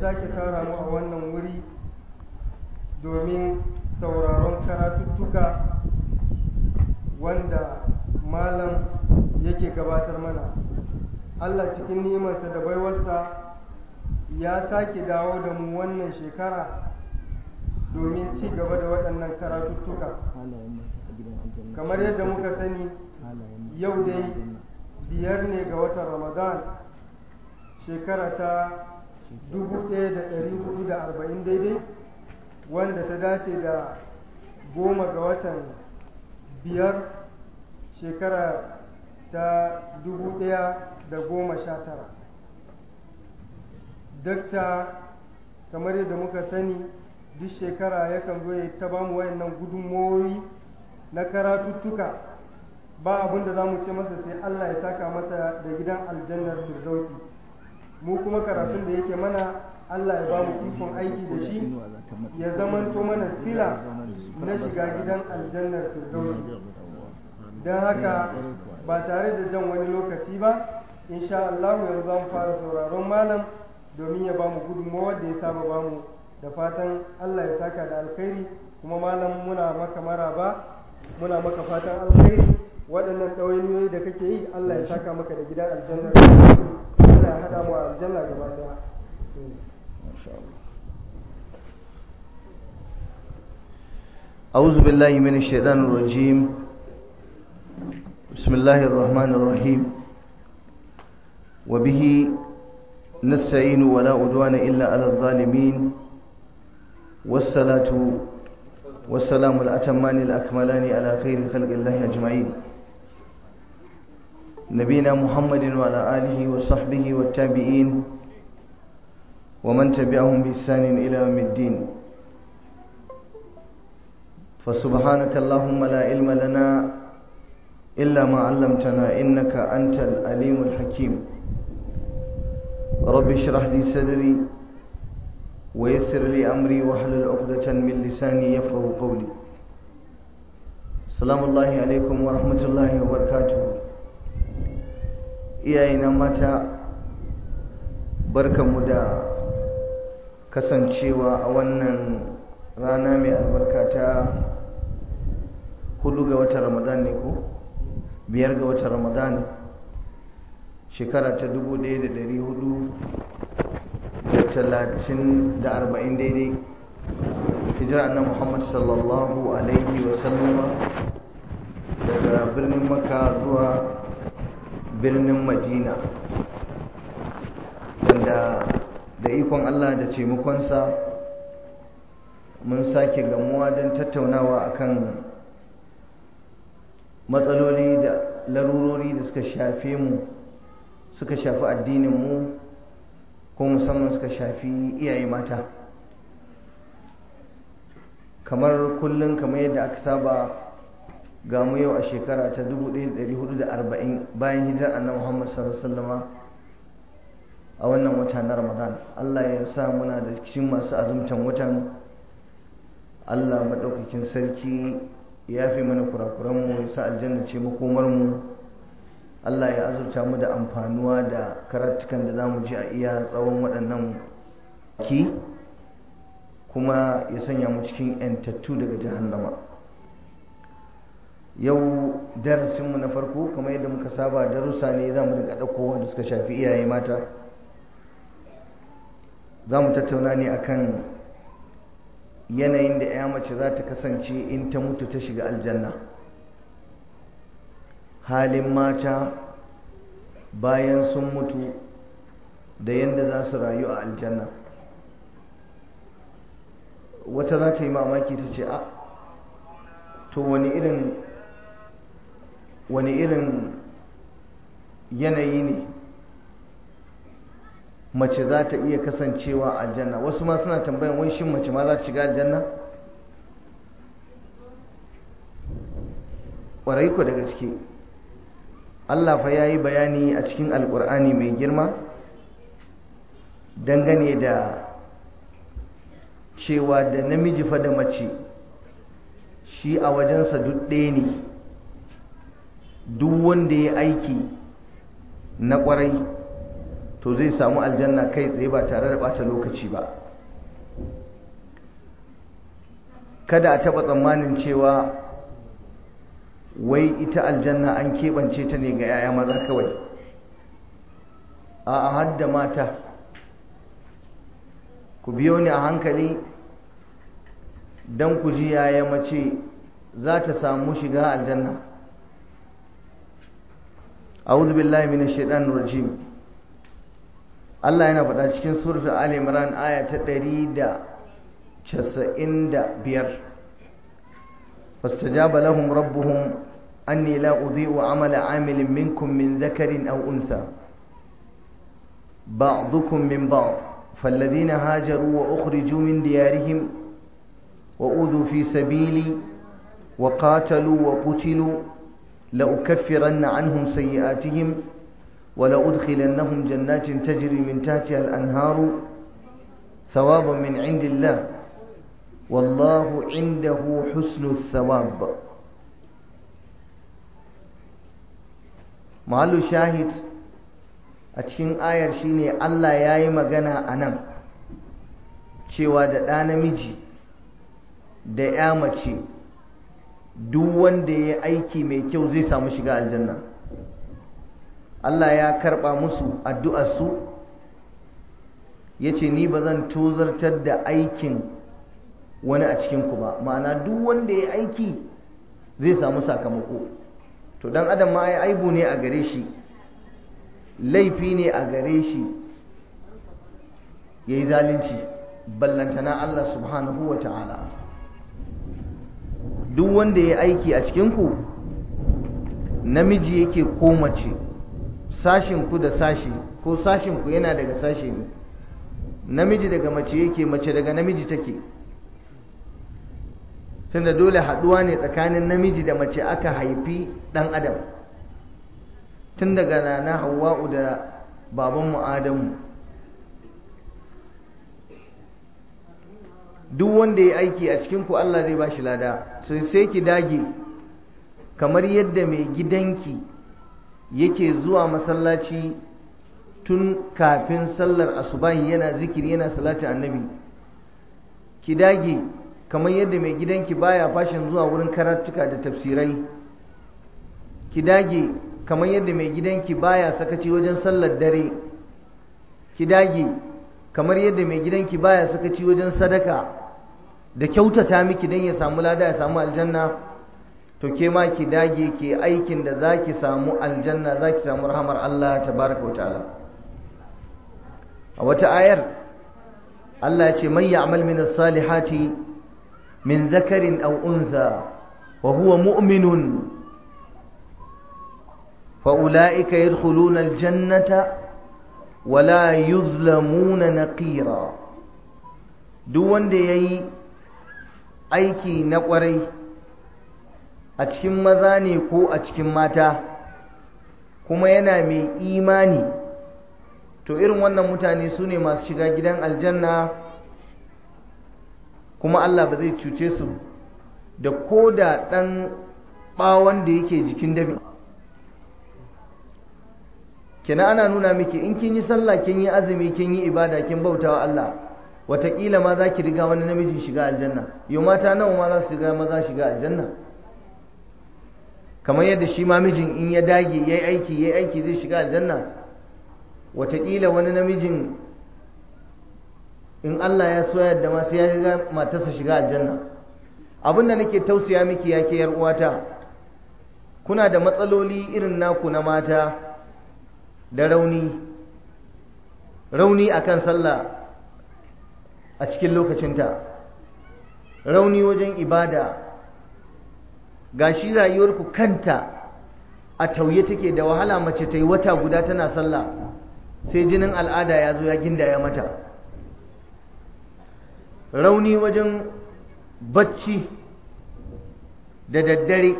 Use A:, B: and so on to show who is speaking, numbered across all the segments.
A: sake tara mu a wannan wuri domin sauraron karatuttuka wanda malam yake gabatar mana allah cikin nimarsa da baiwarsa ya sake dawo da mu wannan shekara domin ci gaba da waɗannan karatuttuka kamar yadda muka sani yau dai biyar ne ga watan ramadan shekara ta dubu ɗaya da ɗari hudu da arba'in daidai wanda ta dace da goma ga watan biyar shekara ta dubu ɗaya da goma sha tara dakta kamar yadda muka sani duk shekara yakan zo ya ta bamu wayannan gudunmowi na karatuttuka ba abin da za mu ce masa sai allah ya saka masa da gidan aljannar firdausi mu kuma karatun da yake mana Allah ya ba mu ikon aiki da shi ya zamanto mana sila na shiga gidan aljannar firdausi don haka ba tare da jan wani lokaci ba insha Allah yanzu zamu fara sauraron malam domin ya ba mu gudunmawa da ya saba ba mu da fatan Allah ya saka da alkhairi kuma malam muna maka maraba muna maka fatan alkhairi waɗannan ɗawainiyoyi da kake yi Allah ya saka maka da gidan aljannar
B: أعوذ بالله من الشيطان الرجيم بسم الله الرحمن الرحيم وبه نستعين ولا عدوان إلا على الظالمين والصلاة والسلام الأتمان الأكملان على خير خلق الله أجمعين نبينا محمد وعلى آله وصحبه والتابعين ومن تبعهم بإحسان إلى يوم الدين فسبحانك اللهم لا علم لنا إلا ما علمتنا إنك أنت الأليم الحكيم رب اشرح لي صدري ويسر لي أمري واحلل عقدة من لساني يفقه قولي سلام الله عليكم ورحمة الله وبركاته iyaye na mata mu da kasancewa a wannan rana mai albarka ta hudu ga wata ramadan ne ko biyar ga wata ramadan shekara ta dubu ɗaya da dari hudu da talatin da arba'in daidai hijira na muhammad sallallahu alaihi wasallama daga birnin maka zuwa birnin madina wanda da ikon allah da taimakonsa mun sake gamuwa don tattaunawa akan matsaloli da larurori da suka shafe mu suka shafi addininmu ko musamman suka shafi iyaye mata kamar kullum kamar yadda aka saba ga mu yau a shekara ta 1440 bayan hijirar annabi Muhammad sallallahu alaihi a wannan wata na Ramadan Allah ya sa muna da cikin masu azumtan watan Allah madaukakin sarki ya fi mana kurakuran mu ya sa aljanna ce makomar mu Allah ya azurta mu da amfanuwa da karatukan da zamu ji a iya tsawon waɗannan ki kuma ya sanya mu cikin 'yantattu daga jahannama. yau darasinmu na farko kamar yadda muka saba darussa ne za mu riga ɗauko wanda suka shafi iyaye mata za mu tattauna ne akan yanayin da ya mace za ta kasance in ta mutu ta shiga aljanna halin mata bayan sun mutu da yadda za su rayu a aljanna wata za ta yi mamaki ta ce a to wani irin wani irin yanayi ne mace za ta iya kasancewa a aljanna wasu ma suna tambayan wai shin mace ma za ta shiga aljanna ƙwarai ku daga ciki. Allah fa ya yi bayani a cikin alƙur'ani mai girma dangane da cewa da namiji fa da mace shi a wajensa duk ɗaya ne duk wanda ya aiki na kwarai to zai samu aljanna kai tsaye ba tare da bata lokaci ba kada a taɓa tsammanin cewa wai ita aljanna an keɓance ta ne ga 'ya'ya maza kawai a hadda mata ku biyo ni a hankali Dan ku ji yaya mace za ta samu shiga aljanna a'udhu billahi minash shaitanir rajim Allah yana faɗa cikin suratul Ali aya ta ɗari da da casa'in 195 fastajaba lahum rabbuhum annila la udhi'u 'amala 'amilin minkum min dhakarin aw untha ba'dukum min ba'd فالذين هاجروا wa من ديارهم وأوذوا في سبيلي وقاتلوا وقتلوا لأكفرن عنهم سيئاتهم ولأدخلنهم جنات تجري من تحتها الأنهار ثوابا من عند الله والله عنده حسن الثواب mahallu shahid a cikin ayar shine Allah ya yi magana a nan cewa da ɗa namiji da ya mace duk wanda ya aiki mai kyau zai samu shiga aljanna Allah ya karba musu addu'arsu su yace ni ba zan tozartar da aikin wani a cikinku ba ma'ana duk wanda ya aiki zai samu sakamako to dan adam ma ya aibu ne a gare shi laifi ne a gare shi ya yi zalunci ballantana Allah subhanahu wa ta'ala duk wanda ya aiki a cikinku namiji yake ko mace sashinku da sashi ko sashinku yana daga sashi ne namiji daga mace yake mace daga namiji take tunda dole haduwa ne tsakanin namiji da mace aka haifi dan adam tun daga nana hawa'u da babanmu adamu duk wanda ya aiki a cikin ku Allah zai bashi lada so sai ki dage kamar yadda mai gidanki yake zuwa masallaci tun kafin sallar asubahi yana zikiri yana salati annabi ki dage kamar yadda mai gidanki baya fashin zuwa wurin karatuka da tafsirai ki dage kamar yadda mai gidanki baya sakaci wajen sallar dare ki dage kamar yadda mai gidanki baya sakaci wajen sadaka da kyautata miki don ya samu lada ya samu aljanna to ke ma ki dage ke aikin da za ki samu aljanna za ki samu rahamar Allah ta baraka wa ta'ala a wata ayar Allah ya ce ya ya'mal min salihati min zakarin aw untha wa huwa mu'minun fa ulaika yadkhuluna al-jannata wa la yuzlamuna naqira duk wanda yayi aiki na ƙwarai a cikin maza ne ko a cikin mata kuma yana mai imani to irin wannan mutane su ne masu shiga gidan aljanna kuma Allah ba zai cuce su da ko da ɗan ɓawon da yake jikin dabi kina ana nuna miki in kin yi sallah kin yi azumi kin yi ibada kin bautawa Allah wataƙila ma za ki riga wani namiji shiga aljanna yau mata nawa ma za su riga maza shiga aljanna
A: kamar yadda shi
B: ma mijin in ya dage ya yi aiki ya yi aiki zai shiga aljanna wataƙila wani namijin in Allah ya so yadda ma sai ya riga matarsa shiga aljanna abin da nake tausaya miki ya ke yar uwata kuna da matsaloli irin naku na mata da rauni rauni akan sallah a cikin lokacinta rauni wajen ibada Ga gashi rayuwarku kanta a tauye take da wahala mace ta yi wata guda tana sallah sai jinin al'ada ya zo ya gindaya mata rauni wajen bacci da daddare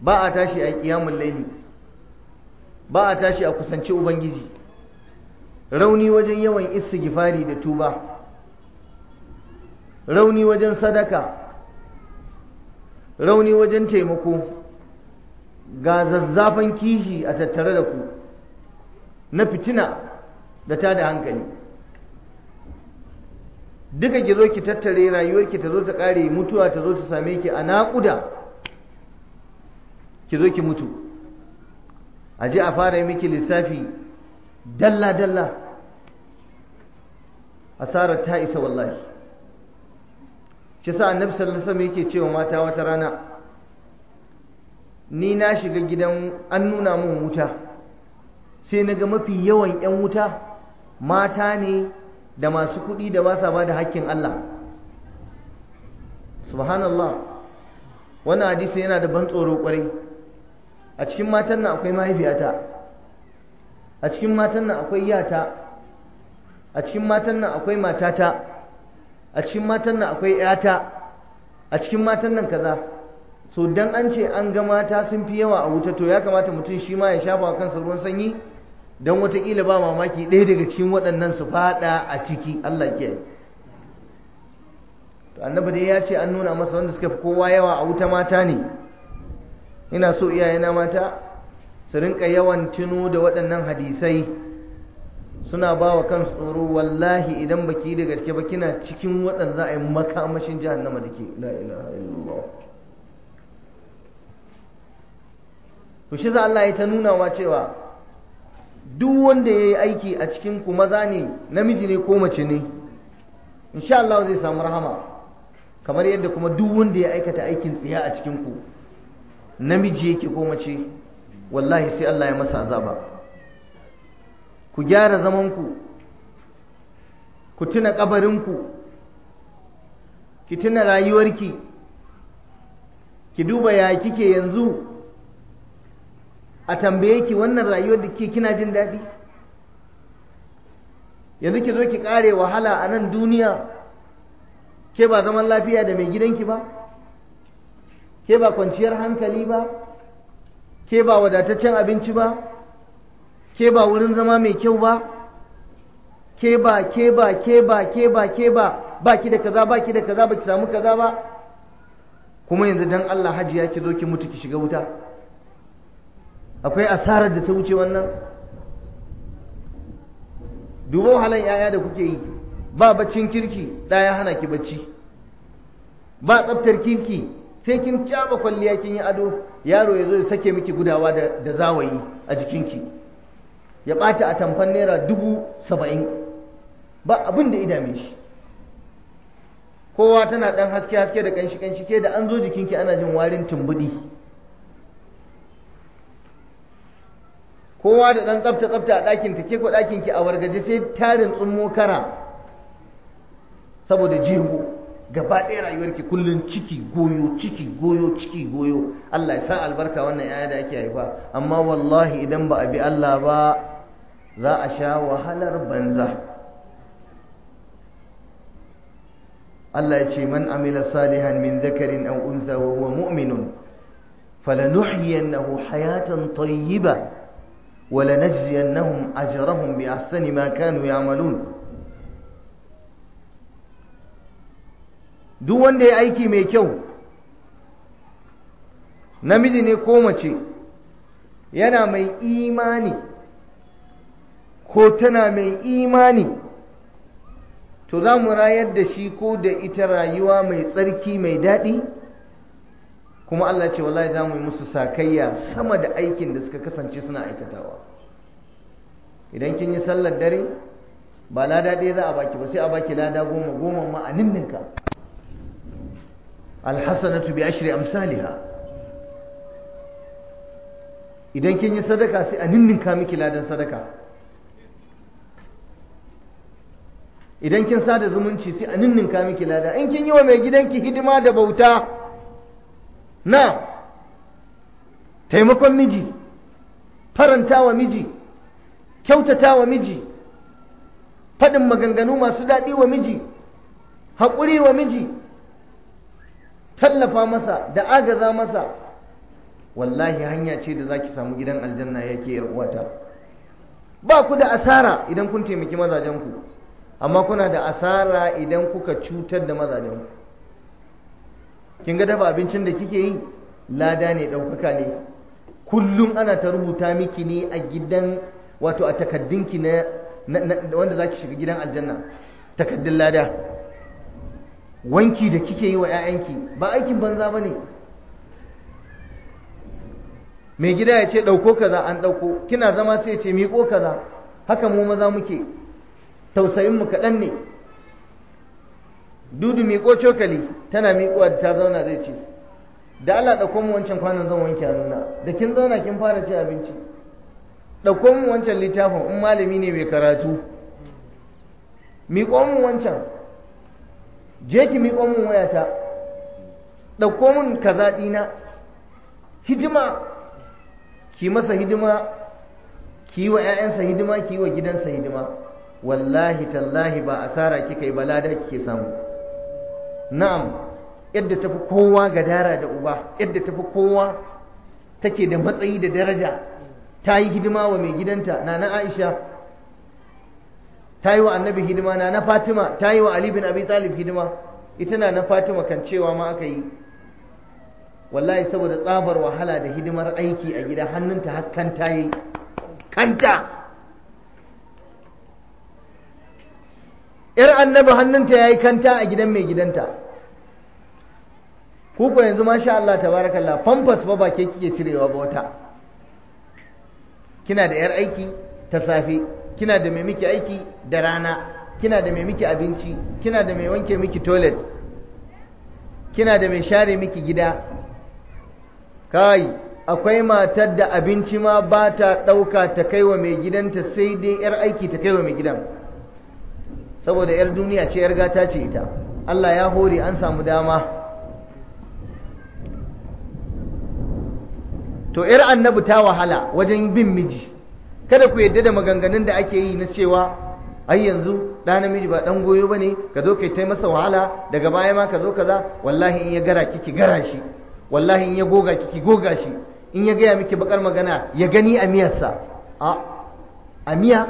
B: ba a tashi a kiyamun laini ba a tashi a kusanci ubangiji rauni wajen yawan gifari da tuba rauni wajen sadaka rauni wajen taimako ga zazzafan kishi a tattare da ku na fitina da ta da hankali duka ki zo ki tattare rayuwarki ta zo ta ƙare mutuwa ta zo ta same ki a naƙuda ki zo ki mutu a ji a fara miki lissafi dalla-dalla asarar ta isa wallahi ki sa annabi sallallahu alaihi wasallam yake cewa mata wata rana ni na shiga gidan an nuna min wuta sai na ga mafi yawan 'yan wuta mata ne da masu kuɗi da ba sa ba da hakkin Allah subhanallah wannan hadisi yana da ban tsoro kwarai a cikin matan nan akwai mahaifiyata a cikin matan nan akwai yata a cikin matan nan akwai matata a cikin matan nan akwai yata a cikin matan nan kaza so dan an ce an ga mata sun fi yawa a wuta to ya kamata mutum shi ma ya shafa kansa ruwan sanyi don watakila ba mamaki ɗaya daga cikin waɗannan su faɗa a ciki Allah ke to annabi dai ya ce an nuna masa wanda suka fi kowa yawa a wuta mata ne ina so iyayena mata su rinka yawan tuno da waɗannan hadisai suna ba wa kansu tsoro wallahi idan baki da gaske ba kina cikin waɗanda za a yi makamashin jahannama da ke la ilaha illallah to shi za Allah ya ta nuna wa cewa duk wanda ya yi aiki a cikin ku maza ne namiji ne ko mace ne insha Allah zai samu rahama kamar yadda kuma duk wanda ya aikata aikin tsiya a cikin ku namiji yake ko mace wallahi sai Allah ya masa azaba ku gyara zamanku ku tuna ƙabarinku ki tuna rayuwarki ki duba ya kike yanzu a tambaye ki wannan rayuwar da ke kina jin daɗi yanzu ki zo ki ƙare wahala a nan duniya ke ba zaman lafiya da mai gidanki ba ke ba kwanciyar hankali ba ke ba wadataccen abinci ba ke ba wurin zama mai kyau ba ke ba ke ba ke ba ke ba ke ba ba ki da kaza ba ki da kaza ba ki samu kaza ba kuma yanzu dan Allah ya ki zo ki mutu ki shiga wuta akwai asarar da ta wuce wannan duba wahalan yaya da kuke yi ba baccin kirki da ya hana ki bacci ba tsaftar kirki sai kin caba kwalliya kin yi ado yaro ya zo ya sake miki gudawa da zawayi a jikinki ya ɓata a tamfan naira dubu saba'in ba abin da idame shi kowa tana ɗan haske haske da ƙanshi ƙanshi ke da an zo jikinki ana jin warin tumbuɗi kowa da ɗan tsafta tsafta a ɗakin ta ke ko ɗakin ki a wargaje sai tarin tsummo kara saboda jihu gaba ɗaya rayuwarki kullum ciki goyo ciki goyo ciki goyo Allah ya sa albarka wannan 'ya'ya da ake haifa amma wallahi idan ba a bi Allah ba za a sha wahalar banza Allah ya ce man amila salihan min dhakarin aw unza wa huwa mu'minun falanuhyiyannahu hayatan tayyiba wa lanajziyannahum ajrahum bi ahsani ma kanu ya'malun duk wanda ya aiki mai kyau namiji ne ko mace yana mai imani ko tana mai imani to za mu rayar da shi ko da ita rayuwa mai tsarki mai daɗi kuma Allah ce wallahi za mu yi musu sakayya sama da aikin da suka kasance suna aikatawa idan kin yi sallar dare ba lada ɗaya za a baki ba sai a baki lada goma goma ma a ninninka alhassanatu bi ashri amsaliha idan kin yi sadaka sai a ninninka miki ladan sadaka idan kin sada zumunci sai a ninninka miki lada in kin yi wa mai gidanki hidima da bauta na taimakon miji farantawa miji kyautata wa miji faɗin maganganu masu daɗi wa miji haƙuri wa miji tallafa masa da agaza masa wallahi hanya ce da za ki samu gidan aljanna yake uwata ba ku da asara idan kun taimaki mazajen ku. amma kuna da asara idan kuka cutar da mazajen kin ga dafa abincin da kike yi lada ne ɗaukaka ne kullum ana ta rubuta miki ne a gidan wato a takaddinki na wanda za shiga gidan aljanna takaddun lada wanki da kike yi wa 'ya'yanki ba aikin banza ba ne mai gida ya ce ɗauko kaza an ɗauko kina zama sai ce miƙo kaza haka mu maza muke tausayin mu kaɗan ne dudu miƙo cokali tana miƙo da ta zauna zai ce da Allah ɗauko mu wancan kwanan zan wanke hannuna da kin zauna kin fara ci abinci ɗauko mu wancan littafin in malami ne mai karatu miƙo mu wancan je ki miƙo mu wayata ɗauko mun kaza ɗina hidima ki masa hidima ki yi wa 'ya'yansa hidima ki yi wa gidansa hidima wallahi tallahi ba asara kika yi balada kike samu na'am yadda tafi kowa gadara da uba yadda tafi kowa take da matsayi da daraja ta yi hidima wa mai gidanta na na aisha ta yi wa annabi hidima na na fatima ta yi wa ali bin abi talib hidima ita na na fatima kan cewa ma aka yi wallahi saboda tsabar wahala da hidimar aiki a gida hannunta har kanta yi kanta ‘yar annabi hannunta ya yi kanta a gidan mai gidanta kuku yanzu masha Allah ta tabarakallah famfas ba ba ke kike cirewa ba wata kina da ‘yar aiki ta safe kina da mai miki aiki da rana kina da mai miki abinci kina da mai wanke miki toilet kina da mai share miki gida kai akwai matar da abinci ma ba ta ɗauka ta kai wa mai gidanta sai dai ‘yar aiki ta kai wa mai gidan saboda yar duniya ce yar gata ce ita Allah ya hore an samu dama to yar annabi ta wahala wajen bin miji kada ku yadda da maganganun da ake yi na cewa ai yanzu ɗa namiji ba ɗan goyo ba ne ka zo kai ta masa wahala daga baya ma ka zo kaza wallahi in ya gara kiki gara shi wallahi in ya goga kiki goga shi in ya gaya miki bakar magana ya gani a miyarsa a miya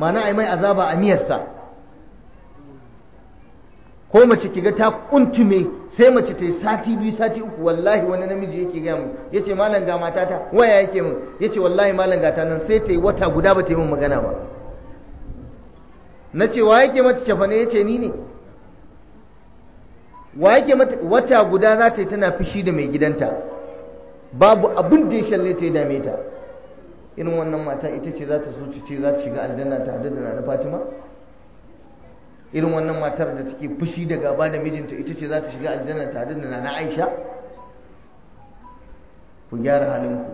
B: ma'ana ai mai azaba a miyarsa ko mace kiga ta kuntume sai mace ta yi sati biyu sati uku wallahi wani namiji yake gaya mu yace malam ga matata waya yake mun yace wallahi malam ga ta nan sai ta yi wata guda ba ta yi min magana ba na ce wa yake mata ya yace ni ne wa yake mata wata guda za ta yi tana fushi da mai gidanta babu abin da ya shalle ta ya dame ta irin wannan mata ita ce za ta so ce za ta shiga aljanna ta da na Fatima irin wannan matar da take fushi da gaba da mijinta ita ce za ta shiga aljanna tare da nana aisha ku gyara halinku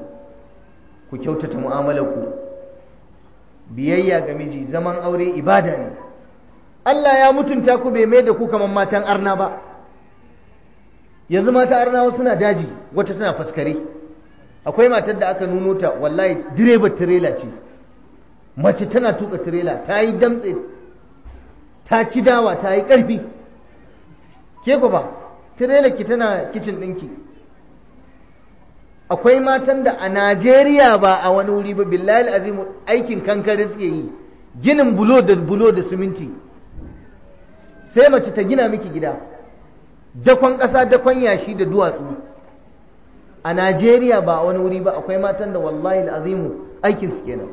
B: ku kyautata mu'amalarku biyayya ga miji zaman aure ibada ne Allah ya mutunta ku bai mai da ku kamar matan arna ba yanzu mata arnawa suna daji wata tana faskare akwai matar da aka nuno ta wallahi direba tirela ce mace tana tuka tirela ta yi damtse ta ci dawa ta yi ƙarfi ke ku ba tirela ki tana kicin ɗinki akwai matan da a najeriya ba a wani wuri ba billahi azimu aikin kankare suke yi ginin bulo da bulo da siminti sai mace ta gina miki gida dakon ƙasa dakon yashi da duwatsu a najeriya ba a wani wuri ba akwai matan da wallahi azimu aikin su kenan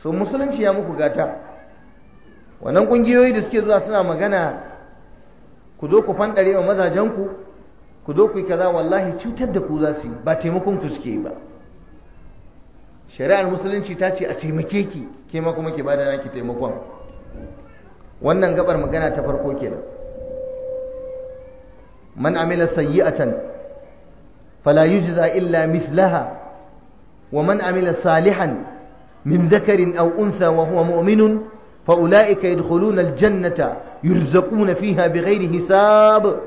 B: so musulunci ya muku gata wannan ƙungiyoyi da suke zuwa suna magana ku zo ku fandare wa mazajenku ku zo ku yi kaza wallahi cutar da ku za su yi ba taimakon ku suke ba shari'ar musulunci ta ce a taimake ki ke ma kuma ba bada naki taimakon wannan gabar magana ta farko kenan man amila sayyi'atan fala yujza illa mislaha wa man amila salihan min dhakarin aw unsa wa huwa mu'minun فأولئك يدخلون الجنة يرزقون فيها بغير حساب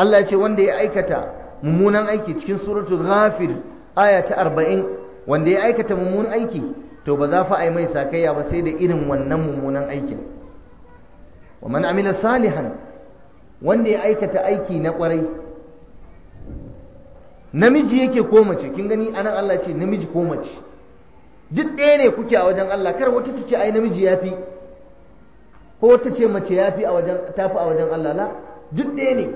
B: الله يقول وان دي أيكتا ممونا أيكي تشين سورة غافر آية أربعين وان دي أيكتا ممونا أيكي to ba za fa a yi mai sakayya ba sai da irin wannan mummunan aikin wa man salihan wanda ya aikata aiki na kwarai namiji yake ko mace kin gani anan Allah ce namiji ko mace duk ɗaya ne kuke a wajen Allah kar wata ta ce ai namiji ya fi ko wata ce mace yafi fi a wajen tafi a wajen Allah la duk ɗaya ne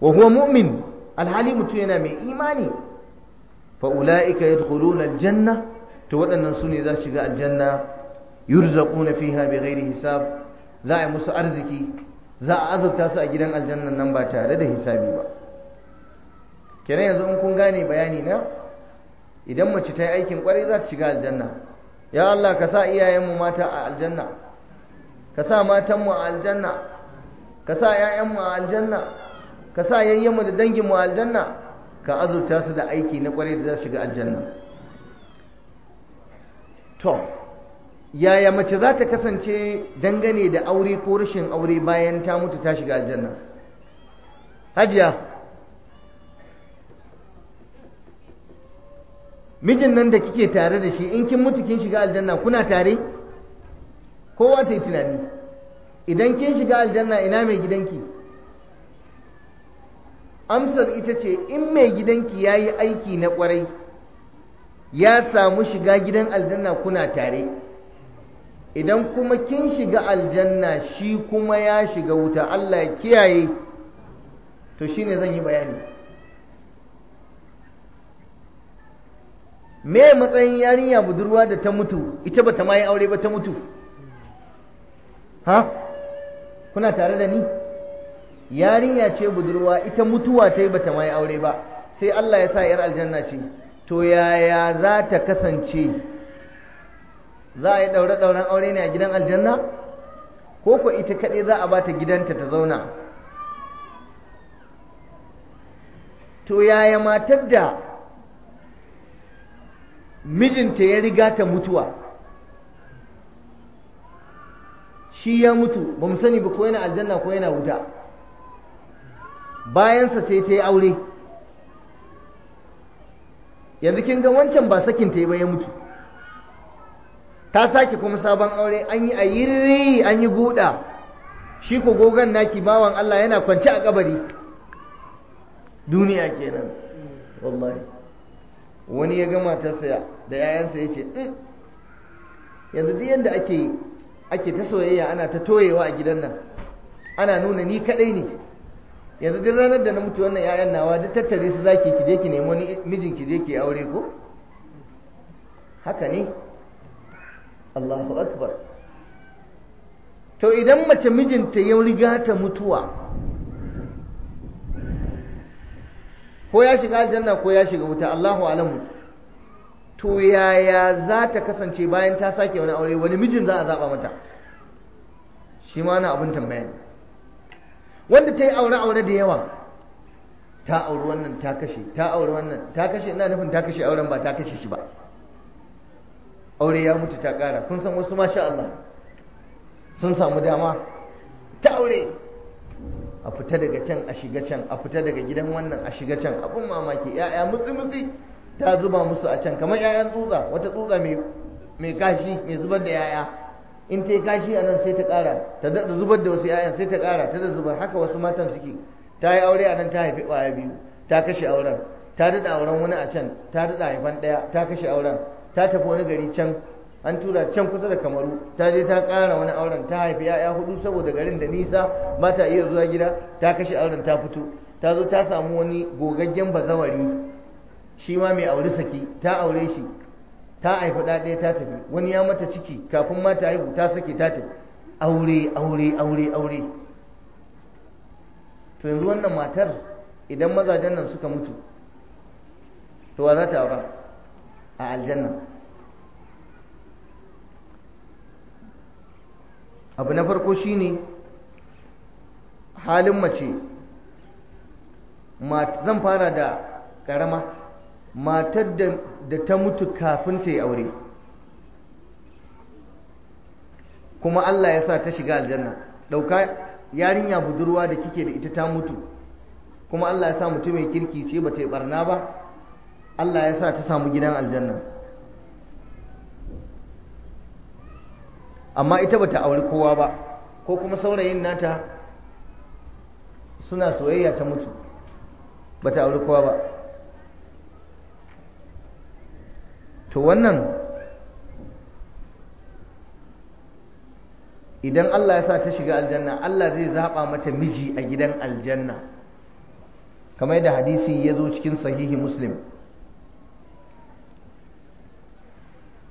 B: wa huwa mu'min alhali mutum yana mai imani fa ulaika yadkhuluna aljanna to waɗannan su ne za su shiga aljanna yurzaquna fiha bighairi hisab za a yi musu arziki za a azabta su a gidan aljannan nan ba tare da hisabi ba kenan yanzu in kun gane bayani na idan mace ta yi aikin kwarai za ta shiga aljanna ya Allah ka sa iyayenmu mata a aljanna ka sa matanmu a aljanna ka sa 'ya'yanmu a aljanna ka sa yayyanmu da danginmu a aljanna ka azurta su da aiki na kwarai da za su shiga aljanna to yaya mace za ta kasance dangane da aure ko rashin aure bayan ta mutu ta shiga aljanna hajiya mijin nan da kike tare da shi in kin mutu kin shiga aljanna kuna tare kowa ta yi tunani idan kin shiga aljanna ina mai gidanki amsar ita ce in mai gidanki ya yi aiki na kwarai ya samu shiga gidan aljanna kuna tare idan kuma kin shiga aljanna shi kuma ya shiga wuta allah ya kiyaye to shine zan yi bayani me matsayin yarinya budurwa da ta mutu ita ta ma yi aure ba ta mutu ha kuna tare da ni yarinya ce budurwa ita mutuwa ta yi bata ma yi aure ba sai Allah ya sa yar aljanna ce to yaya za ta kasance za a yi ɗaure-ɗauren aure ne a gidan aljanna ko ko ita kaɗai za a ba ta gidanta ta zauna to yaya matar da mijinta ya riga ta mutuwa shi ya mutu ba mu sani ba ko yana aljanna ko yana wuta bayansa ce ta yi aure yanzu kin ga wancan ba sakin ta yi ba ya mutu ta sake kuma sabon aure an yi ayiri an yi guda shi ko gogon naki bawan Allah yana kwance a kabari duniya kenan wallahi wani ya ta matarsa da 'ya'yansa ya ce mm. yanzu duk yadda ake ake ta soyayya ana ta toyewa a gidan nan ana nuna ni kadai ne yanzu duk ranar da na mutu wannan 'ya'yan nawa duk tattare su zaki ki je ki nemi wani mijin ki je ki aure ko haka ne Allahu akbar to idan mace mijinta ya riga ta mutuwa ko ya shiga aljanna ko ya shiga wuta Allahu alamu to yaya za ta kasance bayan ta sake wani aure wani mijin za a zaba mata shi ma na abin tambaya ne wanda ta yi aure aure da yawa ta auri wannan ta kashe ta auri wannan ta kashe ina nufin ta kashe auren ba ta kashe shi ba aure ya mutu ta kara kun san wasu masha Allah sun samu dama ta aure a fita daga can a shiga can a fita daga gidan wannan a shiga can abin mamaki ya'ya mutsi mutsi ta zuba musu a can kamar ya'yan tsutsa wata tsutsa mai kashi mai zubar da ya'ya in ta yi kashi a nan sai ta ƙara ta daɗa zubar da wasu ya'yan sai ta ƙara ta da zubar haka wasu matan suke ta yi aure a nan ta haifi ƙwaya biyu ta kashe auren ta daɗa auren wani a can ta daɗa haifan ɗaya ta kashe auren ta tafi wani gari can an tura can kusa da kamaru ta je ta ƙara wani auren ta haifi ya'ya hudu saboda garin da nisa ba ta iya zuwa gida ta kashe auren ta fito ta zo ta samu wani gogaggen bazawari shi ma mai auri saki ta aure shi ta haifi ɗaya ta tafi wani ya mata ciki kafin ma ta ta sake ta tafi aure aure aure aure to yanzu wannan matar idan mazajen nan suka mutu to wa za ta aura a aljanna abu na farko shi ne, halin mace zan fara da karama matar da ta mutu kafin ta yi aure kuma Allah ya sa ta shiga aljanna ɗauka yarinya budurwa da kike da ita ta mutu kuma Allah ya sa mutum mai kirki ce ba ta yi barna ba Allah ya sa ta samu gidan aljanna amma ita bata auri kowa ba ko kuma saurayin nata suna soyayya ta mutu bata auri kowa ba to wannan idan Allah ya sa ta shiga aljanna Allah zai zaɓa mata miji a gidan aljanna kamar yadda hadisi ya zo cikin sahihi muslim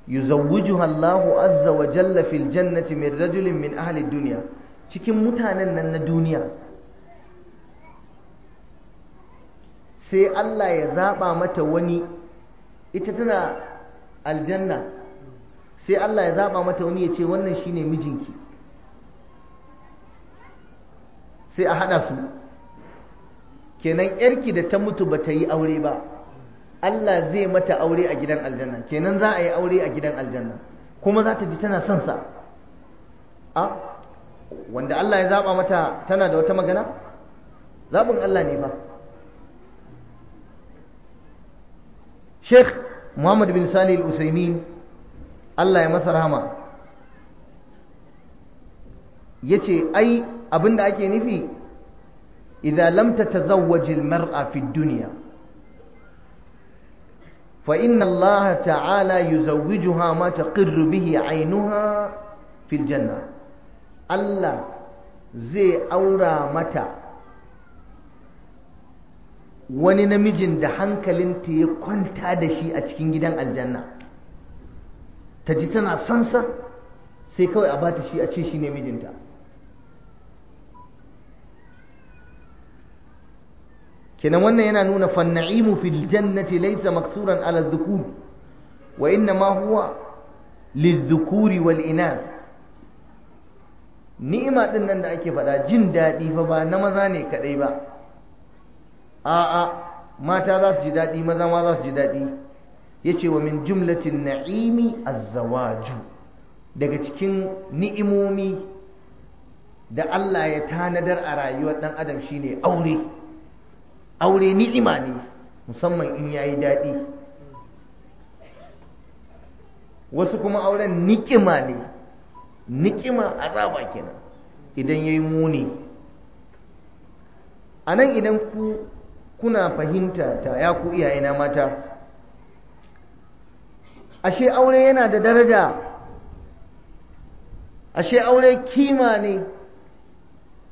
B: yuzawwijuha Allahu azza wa fil jannati mai rajulin min ahli duniya. cikin mutanen nan na duniya sai Allah ya zaba mata wani ita tana aljanna sai Allah ya zaba mata wani ya ce wannan shine mijinki sai a hada su kenan yarki da ta mutu ba ta yi aure ba Allah zai mata aure a gidan aljanna kenan za a yi aure a gidan aljanna kuma za ta ji tana son sa a wanda Allah ya zaba mata tana da wata magana zabin Allah ne ba Sheikh Muhammad bin Salih al-Usaimin Allah ya masa rahama yace ai abinda ake nufi idza lam tatazawwaj al-mar'a fi dunya فإن الله تعالى يزوجها ما تقر به عينها في الجنة Allah zai aura mata wani namijin da hankalinta ya kwanta da shi a cikin gidan aljanna ta ji tana sansa sai kawai a bata shi a ce shi ne mijinta kenan wannan yana nuna fanna'imu fil jannati laysa maksuran ala dhukur wa inna ma huwa lidhukuri wal inath ni'ima din nan da ake faɗa jin daɗi fa ba na maza ne kaɗai ba a'a mata za su ji daɗi maza ma za su ji daɗi yace wa min jumlatin na'imi azzawaju zawaju daga cikin ni'imomi da Allah ya tanadar a rayuwar ɗan adam shine aure aure ni'ima ne musamman in yayi daɗi wasu kuma auren ni'ima ne ni'ima azaba kenan idan yayi muni anan idan ku kuna fahimta ta ya ku iyayena mata ashe aure yana da daraja ashe aure kima ne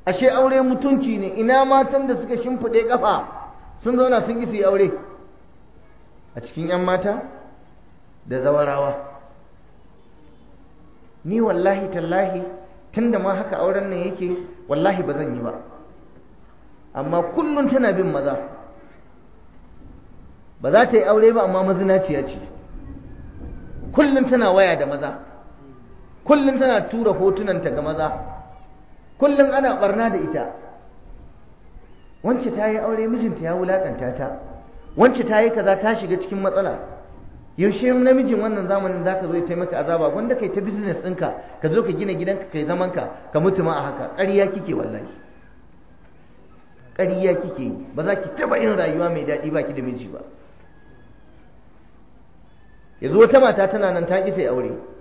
B: ashe aure mutunci ne ina matan da suka shimfiɗe kafa sun zauna sun yi su yi aure a cikin 'yan mata da zawarawa ni wallahi tallahi tunda ma haka auren nan yake wallahi ba zan yi ba amma kullum tana bin maza ba za ta yi aure ba amma mazinaciya ce kullum tana waya da maza kullum tana tura hotunanta ga maza kullum ana barna da ita wance ta yi aure mijinta ya wulakanta ta wance ta yi kaza ta shiga cikin matsala yaushe namijin wannan zamanin za ka zo ya taimaka azaba wanda kai ta business ɗinka ka zo ka gina gidanka kai zamanka ka mutu ma a haka ƙarya kike wallahi ƙarya kike yi ba za ki taɓa yin rayuwa mai daɗi ba ki da miji ba yanzu wata mata tana nan ta ƙi ta aure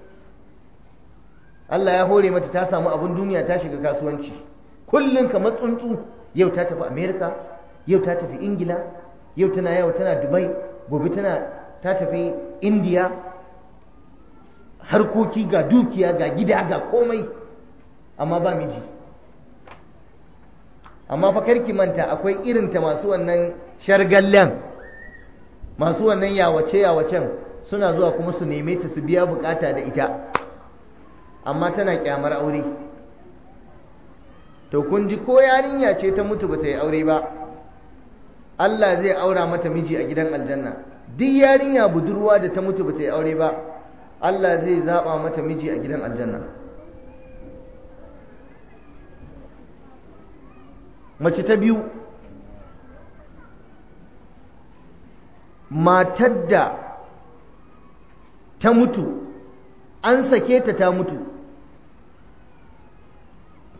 B: Allah ya hore mata ta samu abin duniya ta shiga kasuwanci kullum kamar tsuntsu yau ta tafi Amerika, yau ta tafi ingila yau tana yau tana dubai gobe tana ta tafi indiya harkoki ga dukiya ga gida ga komai amma ba miji amma fa karki manta akwai irinta masu wannan shargallen masu wannan yawace-yawacen suna zuwa kuma su neme ta su biya bukata da ita amma tana kyamar aure to kun ji ko yarinya ce ta mutu ba ta yi aure ba Allah zai aura mata miji a gidan aljanna duk yarinya budurwa da ta mutu ba ta yi aure ba Allah zai zaba mata miji a gidan aljanna mace ta biyu matar da ta mutu an sake ta ta mutu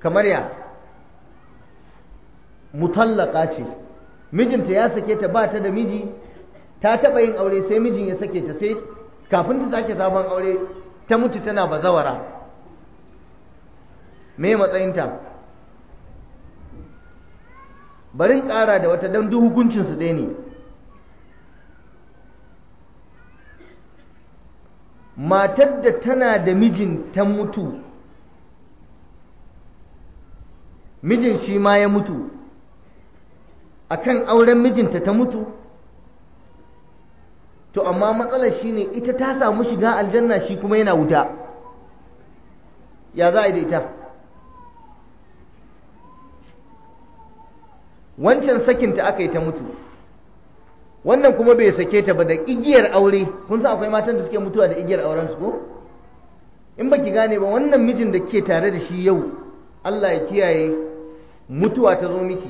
B: kamar ya mutallaka ce mijinta ya sake ta ba ta da miji ta taba yin aure sai mijin ya sake ta sai kafin ta sake sabon aure ta mutu tana bazawara me matsayinta barin ƙara da wata don hukuncinsu ɗaya ne matar da tana da mijin ta mutu mijin shi ma ya mutu akan auren mijinta ta mutu to amma matsalar shi ne ita ta samu shiga aljanna shi kuma yana wuta ya za a yi da ita wancan sakinta aka yi ta mutu wannan kuma bai sake ta ba da igiyar aure kun san akwai matan da suke mutuwa da igiyar auren su ko in baki gane ba wannan mijin da ke tare da shi yau Allah ya kiyaye mutuwa ta zo miki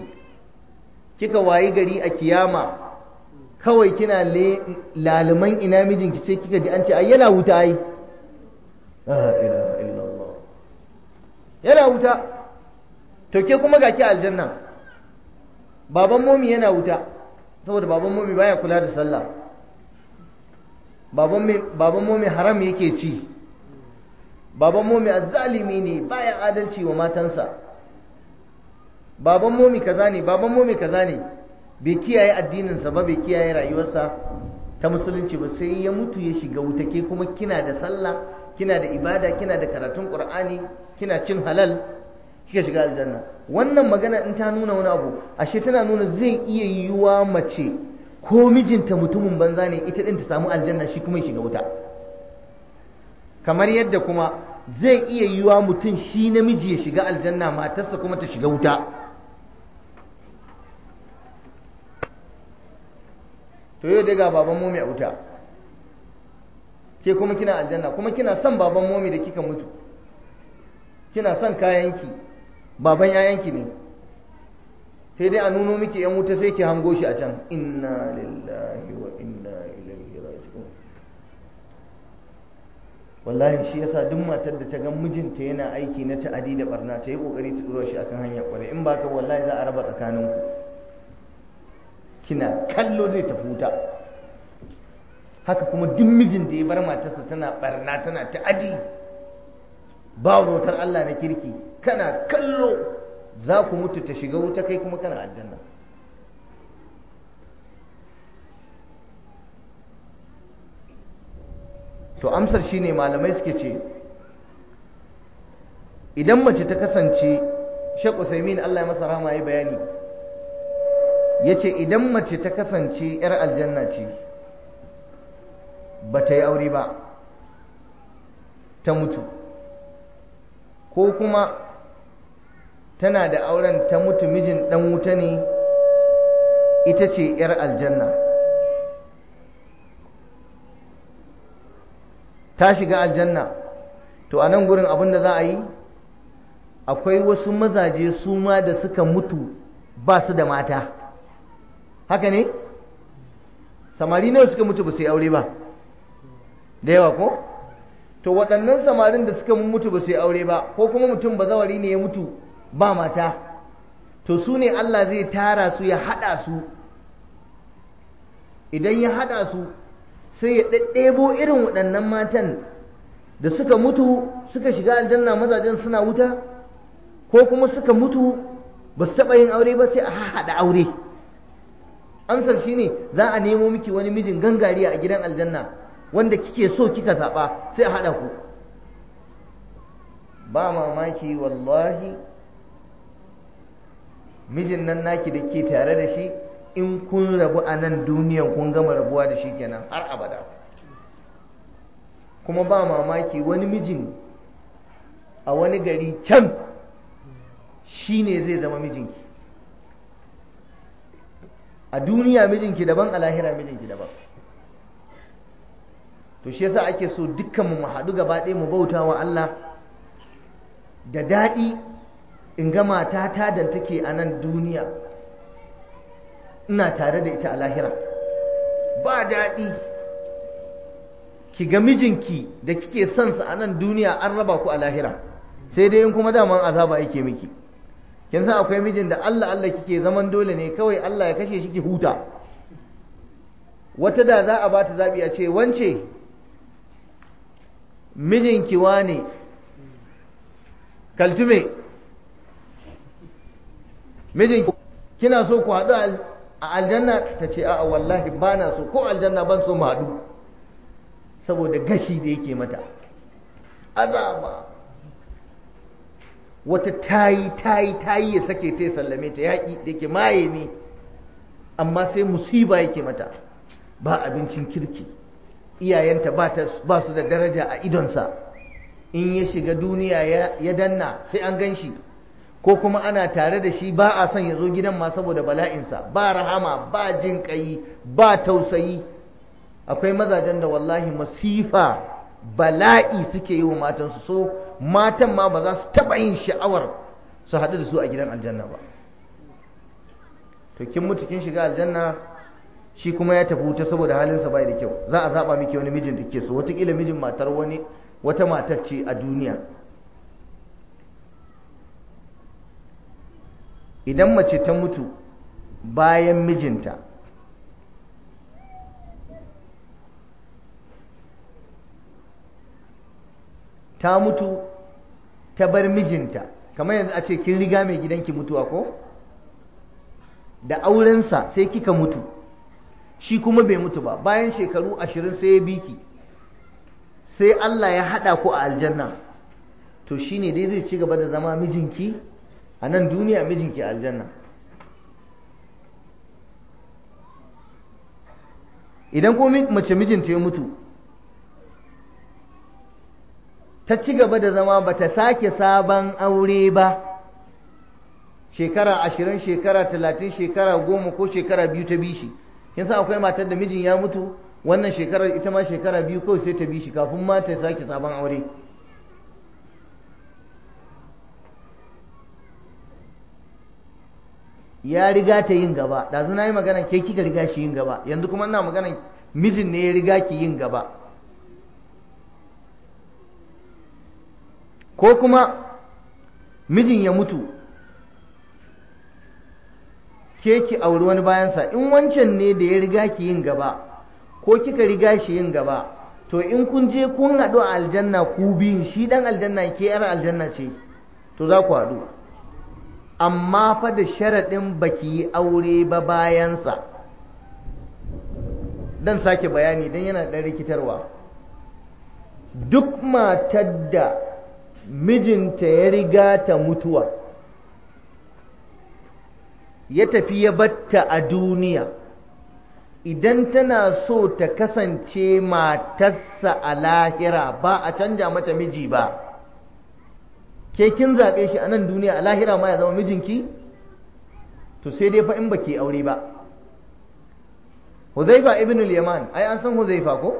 B: kika wayi gari a kiyama kawai kina laliman ina mijinki sai kika ji an ce ai yana wuta ai yana wuta to ke kuma ga ki aljanna baban momi yana wuta saboda baban momi baya kula da sallah baban momi haram yake ci baban momi azzalimi ne baya adalci wa matansa baban momi kaza ne baban momi kaza ne bai kiyaye addininsa ba bai kiyaye rayuwarsa ta musulunci ba sai ya mutu ya shiga wuta kuma kina da sallah kina da ibada kina da karatun qur'ani kina cin halal kika shiga aljanna wannan magana in ta nuna wani abu ashe tana nuna zai iya yiwuwa mace ko mijinta mutumin banza ne ita din ta samu aljanna shi kuma ya shiga wuta kamar yadda kuma zai iya yiwuwa mutum shi namiji ya shiga aljanna matarsa kuma ta shiga wuta to yau daga baban momi a wuta ke kuma kina aljanna kuma kina son baban momi da kika mutu kina son kayanki baban yayanki ne sai dai a nuno miki yan wuta sai ki hango shi a can inna lillahi wa inna ilaihi raji'un wallahi shi yasa duk matar da ta ga mijinta yana aiki na ta'adi da barna ta yi kokari ta dora shi akan hanya kwarai in ba ka wallahi za a raba tsakaninku kina kallo zai tafi wuta haka kuma duk mijin da ya bar matarsa tana barna tana ta aji ba rotar Allah na kirki kana kallo za ku mutu ta shiga wuta kai kuma kana aljanna to amsar shine malamai suke ce idan mace ta kasance shek usaimin Allah ya masa rahama ya bayani Ya ce, idan mace ta kasance yar aljanna ce ba ta yi aure ba ta mutu ko kuma tana da auren ta mutu mijin dan wuta ne ita ce yar aljanna ta shiga aljanna to a nan gurin abin da za a yi akwai wasu mazaje su ma da suka mutu ba su da mata haka ne samari nawa suka mutu ba su yi aure ba da yawa ko to waɗannan samarin da suka mutu ba su yi aure ba ko kuma mutum ba zawari ne ya mutu ba mata to su ne Allah zai tara su ya haɗa su idan ya haɗa su sai ya ɗaɗɗebo irin waɗannan matan da suka mutu suka shiga aljanna mazajen suna wuta ko kuma suka mutu ba su taɓa yin aure ba sai a haɗa aure amsar shine za a nemo miki wani mijin gangariya a gidan aljanna wanda kike so kika zaɓa sai a haɗa ku ba mamaki wallahi mijin nan naki da ke tare da shi in kun rabu a nan duniyan kun gama rabuwa da shi kenan har abada kuma ba mamaki wani mijin a wani gari can shi ne zai zama mijinki a duniya mijinki daban a lahira mijinki daban to shi yasa ake so dukkan mu haɗu gaba ɗaya mu bauta wa Allah da daɗi in ga mata ta da take a nan duniya ina tare da ita a lahira ba daɗi ki ga mijinki da kike son sa a nan duniya an raba ku a lahira sai dai in kuma daman azaba yake miki yanzu akwai mijin da Allah Allah kike zaman dole ne kawai Allah ya kashe shi ki huta wata da za a bata zabi a ce wance mijinki wane kaltume kina so ku haɗu a aljanna ta ce a'a wallahi ba na so ko aljanna ban so mu haɗu saboda gashi da yake mata azaba wata tayi tayi tayi ya sake ta ya sallame ta yaƙi da yake maye ne amma sai musiba yake mata ba abincin kirki iyayenta ba su da daraja a idonsa in ya shiga duniya ya danna sai an gan shi ko kuma ana tare da shi ba a son ya zo gidan ma saboda bala'insa ba rahama ba jin ƙayi ba tausayi akwai mazajen da wallahi masifa bala'i suke yi wa matansu so matan ma ba za su taɓa yin sha'awar su haɗu da su a gidan aljanna ba to kin mutu kin shiga aljanna shi kuma ya tafi wuta saboda sa bai da kyau za a zaɓa miki wani mijin da ke so wataƙila mijin matar wani wata matar ce a duniya idan mace ta mutu bayan mijinta ta mutu ta bar mijinta kamar yanzu a ce kin riga mai gidanki mutuwa ko da aurensa sai kika mutu shi kuma bai mutu ba bayan shekaru ashirin sai ya biki sai Allah ya haɗa ku a aljanna to shine dai zai ci gaba da zama mijinki a nan duniya mijinki a aljanna idan ko mace mijinta ya mutu ta ci gaba da zama ba ta sake sabon aure ba shekara ashirin shekara talatin shekara goma ko shekara biyu ta bishi kin san akwai matar da mijin ya mutu wannan shekarar ita ma shekara biyu kawai sai ta bishi kafin ma ta sake sabon aure ya riga ta yin gaba ɗazu na yi magana ke kika riga shi yin gaba yanzu kuma ina magana mijin ne ya riga ki yin gaba ko kuma mijin ya mutu ke ki auri wani bayansa in wancan ne da ya riga ki yin gaba ko kika riga shi yin gaba to in kun je kun haɗu a aljanna ku biyun shi ɗan aljanna ke yar aljanna ce to za ku haɗu amma fa da sharaɗin baki yi aure ba bayansa dan sake bayani dan yana ɗan rikitarwa duk matar da mijinta ya riga ta mutuwa ya tafi ya batta a duniya idan tana so ta kasance matarsa a lahira ba a canja mata miji ba ke kin zaɓe shi a nan duniya a lahira ma ya zama mijinki to sai dai fa in ba ke aure ba huzaifa ibn al-yaman ai an san huzaifa ko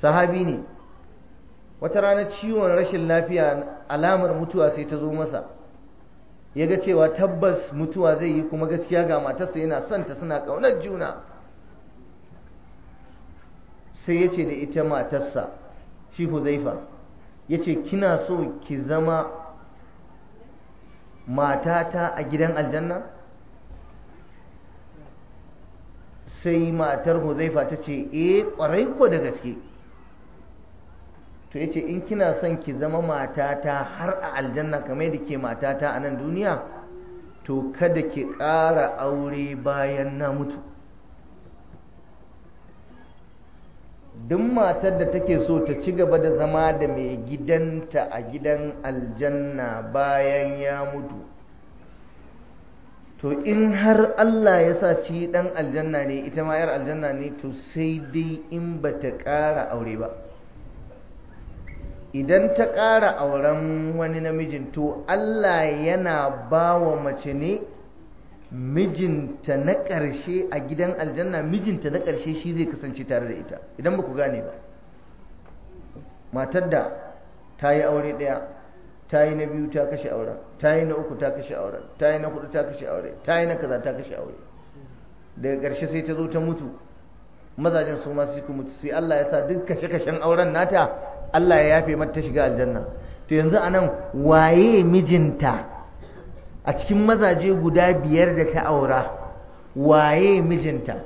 B: sahabi ne wata rana ciwon rashin lafiya alamar mutuwa sai ta zo masa ya ga cewa tabbas mutuwa zai yi kuma gaskiya ga matarsa yana son ta suna ƙaunar juna sai ya ce da ita matarsa shi huzaifa ya ce kina so ki zama matata a gidan aljanna sai matar huzaifa ta ce e ƙwarai ko da gaske to yace in kina son ki zama matata har a aljanna kamar yadda ke matata a nan duniya to kada ki ƙara aure bayan na mutu duk matar da take so ta ci gaba da zama da mai gidanta a gidan aljanna bayan ya mutu to in har Allah ya sa ci dan aljanna ne ita ma yar aljanna ne to sai dai in ba ta ƙara aure ba idan ta ƙara auren wani namijin to Allah yana ba wa mace ne mijinta na ƙarshe a gidan aljanna mijinta na ƙarshe shi zai kasance tare da ita idan ba ku gane ba matar da ta yi aure ɗaya ta yi na biyu ta kashe aure, ta yi na uku ta kashe aure, ta yi na hudu ta kashe aure ta yi na kaza ta kashe aure daga ƙarshe sai ta zo ta mutu mazajen su ma su mutu sai Allah ya sa duk kashe-kashen auren nata Allah ya yafe mata ta shiga aljanna to yanzu anan waye mijinta a cikin mazaje guda biyar da ta aura waye mijinta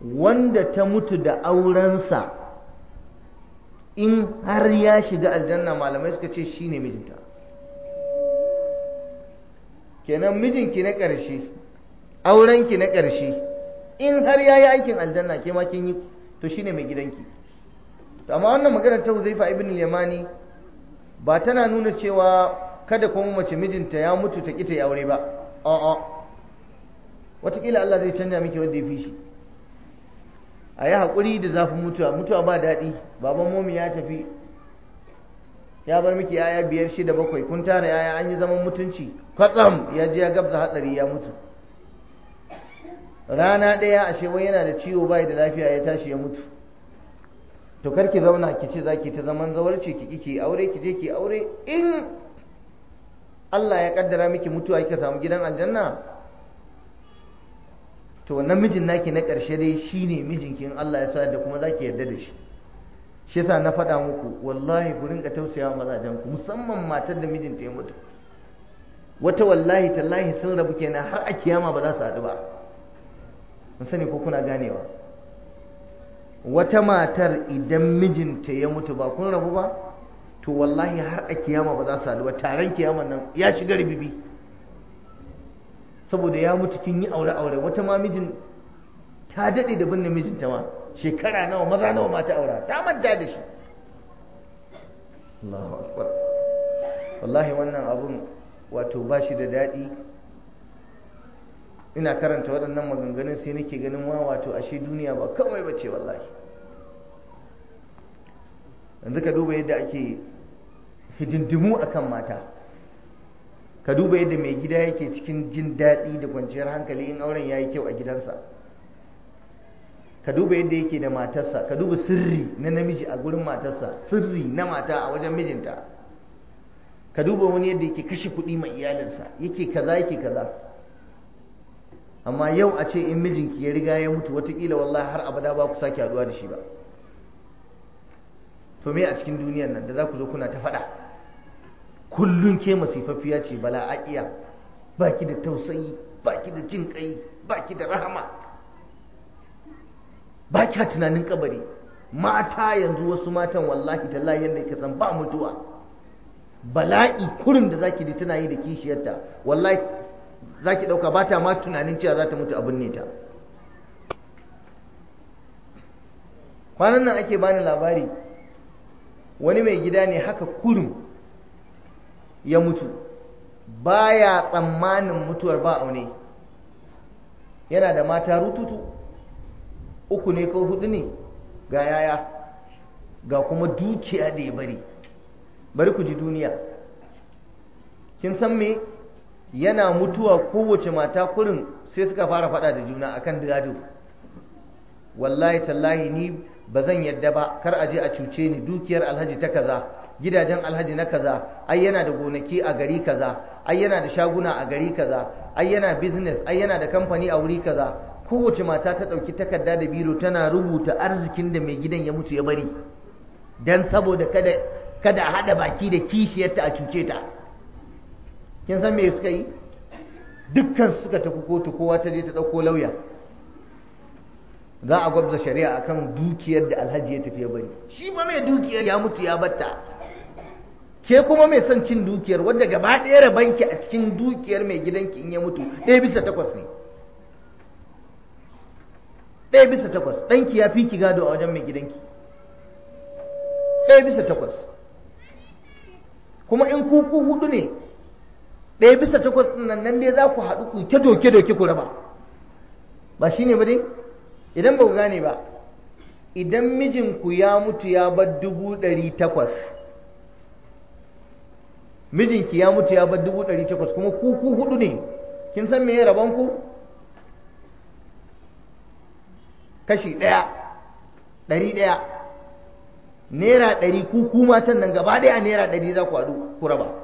B: wanda ta mutu da aurensa in har ya shiga aljanna malamai suka ce shine mijinta kenan mijinki na ƙarshe aurenki na ƙarshe in har ya yi aikin aljanna ke ma yi to shine mai gidanki to amma wannan maganar ta Huzaifa ibn al-Yamani ba tana nuna cewa kada kuma mace mijinta ya mutu ta kita ya aure ba a'a wataƙila Allah zai canja miki wanda ya fi shi a yi haƙuri da zafin mutuwa mutuwa ba daɗi baban momi ya tafi ya bar miki yaya biyar shi da bakwai kun tara yaya an yi zaman mutunci kwatsam ya ji ya gabza hatsari ya mutu rana ɗaya ashe wai yana da ciwo bai da lafiya ya tashi ya mutu to karki zauna ki ce zaki ta zaman zawarci ki ki aure ki je ki aure in Allah ya kaddara miki mutuwa kika samu gidan aljanna to namijin naki na ƙarshe dai shine mijinki in Allah ya sa da kuma zaki yarda da shi shi yasa na faɗa muku wallahi ku rinka tausayawa mazajen ku musamman matar da mijinta ya mutu wata wallahi tallahi sun rabu kenan har a kiyama ba za su haɗu ba mun sani ko kuna ganewa wata matar idan mijinta ya mutu ba kun rabu ba to wallahi har a kiyama ba za su haɗu ba taron kiyaman nan ya shiga ribibi saboda ya mutu kin yi aure aure wata ma mijin ta daɗe da binne mijinta ma shekara nawa maza nawa mata aura ta manta da shi Allahu akbar wallahi wannan abun wato ba shi da daɗi ina karanta waɗannan maganganun sai nake ganin ma wato ashe duniya ba kawai ba ce wallahi yanzu ka duba yadda ake hidindimu akan mata ka duba yadda mai gida yake cikin jin daɗi da kwanciyar hankali in auren ya yi kyau a gidansa ka duba yadda yake da matarsa ka duba sirri na namiji a gurin matarsa sirri na mata a wajen mijinta ka duba wani yadda yake kashe kuɗi ma iyalinsa yake kaza yake kaza amma yau a ce in mijinki ya riga ya mutu watakila wallahi har abada ba ku sake haduwa da shi ba to me a cikin duniyar nan da za ku zo kuna ta faɗa kullun ke masifaffiya ce iya baki da tausayi baki da jin kai baki da rahama baki tunanin kabari mata yanzu wasu matan wallahi tallahi yadda ka san ba mutuwa bala'i kurin da zaki ji tana yi da kishiyarta wallahi za ki ɗauka ba ta ma tunanin cewa za ta mutu abin ne ta kwanan nan ake bani labari wani mai gida ne haka kurum ya mutu baya tsammanin mutuwar ba aune yana da mata rututu uku ne ko hudu ne ga yaya ga kuma dukiya da ya bari bari ku ji duniya kin san me yana mutuwa kowace mata kurin sai suka fara faɗa da juna a kan gado wallahi tallahi ni ba zan yadda ba kar a je a cuce ni dukiyar alhaji ta kaza gidajen alhaji na kaza ai yana da gonaki a gari kaza ai yana da shaguna a gari kaza ai yana business ai yana da kamfani a wuri kaza kowace mata ta ɗauki takarda da biro tana rubuta arzikin da mai gidan ya mutu ya bari dan saboda kada kada hada baki da kishiyarta a cuce ta kin san me suka yi dukkan suka tafi kotu kowa ta je ta ɗauko lauya za a gwabza shari'a akan dukiyar da alhaji ya tafi ya bari shi ba mai dukiyar ya mutu ya batta ke kuma mai son cin dukiyar wadda gaba ɗaya rabanki a cikin dukiyar mai gidanki in ya mutu ɗaya bisa takwas ne ɗaya bisa takwas ɗanki ya fi ki gado a wajen mai gidanki ɗaya bisa takwas kuma in kuku hudu ne ɗaya bisa takwas nan nan dai za ku haɗu ku ta doke doke ku raba ba shi ne ba dai idan ba ku gane ba idan mijinku ya mutu ya bar dubu ɗari takwas mijinki ya mutu ya bar dubu ɗari takwas kuma ku ku hudu ne kin san meye rabon ku kashi ɗaya ɗari ɗaya naira ɗari ku kuma matan nan gaba ɗaya naira ɗari za ku haɗu ku raba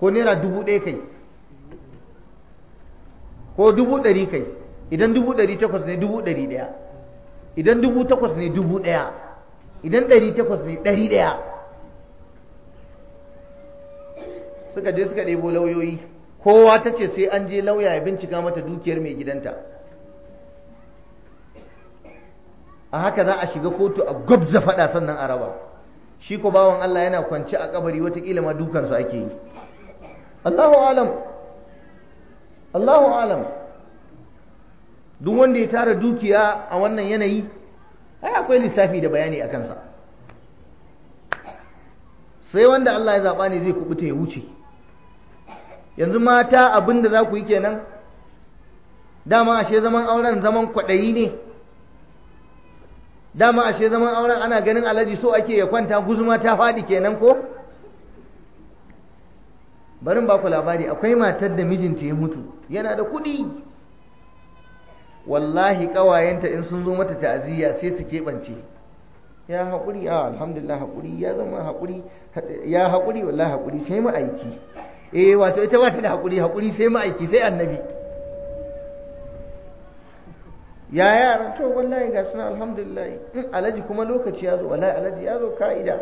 B: ko naira dubu ɗaya kai ko dubu ɗari kai idan dubu ɗari takwas ne dubu ɗari ɗaya idan dubu takwas ne dubu ɗaya idan ɗari takwas ne ɗari ɗaya suka je suka ɗebo lauyoyi kowa ta ce sai an je lauya ya bincika mata dukiyar mai gidanta a haka za a shiga kotu a gwabza faɗa sannan a raba shi ko bawan Allah yana kwance a kabari watakila ma dukansa ake yi Allahu alam alam duk wanda ya tara dukiya a wannan yanayi ai akwai lissafi da bayani a kansa sai wanda Allah ya zaɓa ne zai kubuta ya wuce yanzu mata abin da za ku yi kenan dama ashe zaman auren zaman kwaɗayi ne dama ashe zaman auren ana ganin alaji so ake ya kwanta guzuma ta faɗi kenan ko barin ba ku labari akwai matar da mijinta ya mutu yana da kuɗi wallahi ƙawayenta in sun zo mata ta'aziyya sai su keɓance ya haƙuri ya ah, alhamdulillah haƙuri ya zama haƙuri ya haƙuri wallahi haƙuri sai ma'aiki eh wato ita ba ta da haƙuri haƙuri sai ma'aiki sai annabi ya yara to wallahi ga suna alhamdulillah in alaji kuma lokaci ya zo wallahi alaji ya zo ka'ida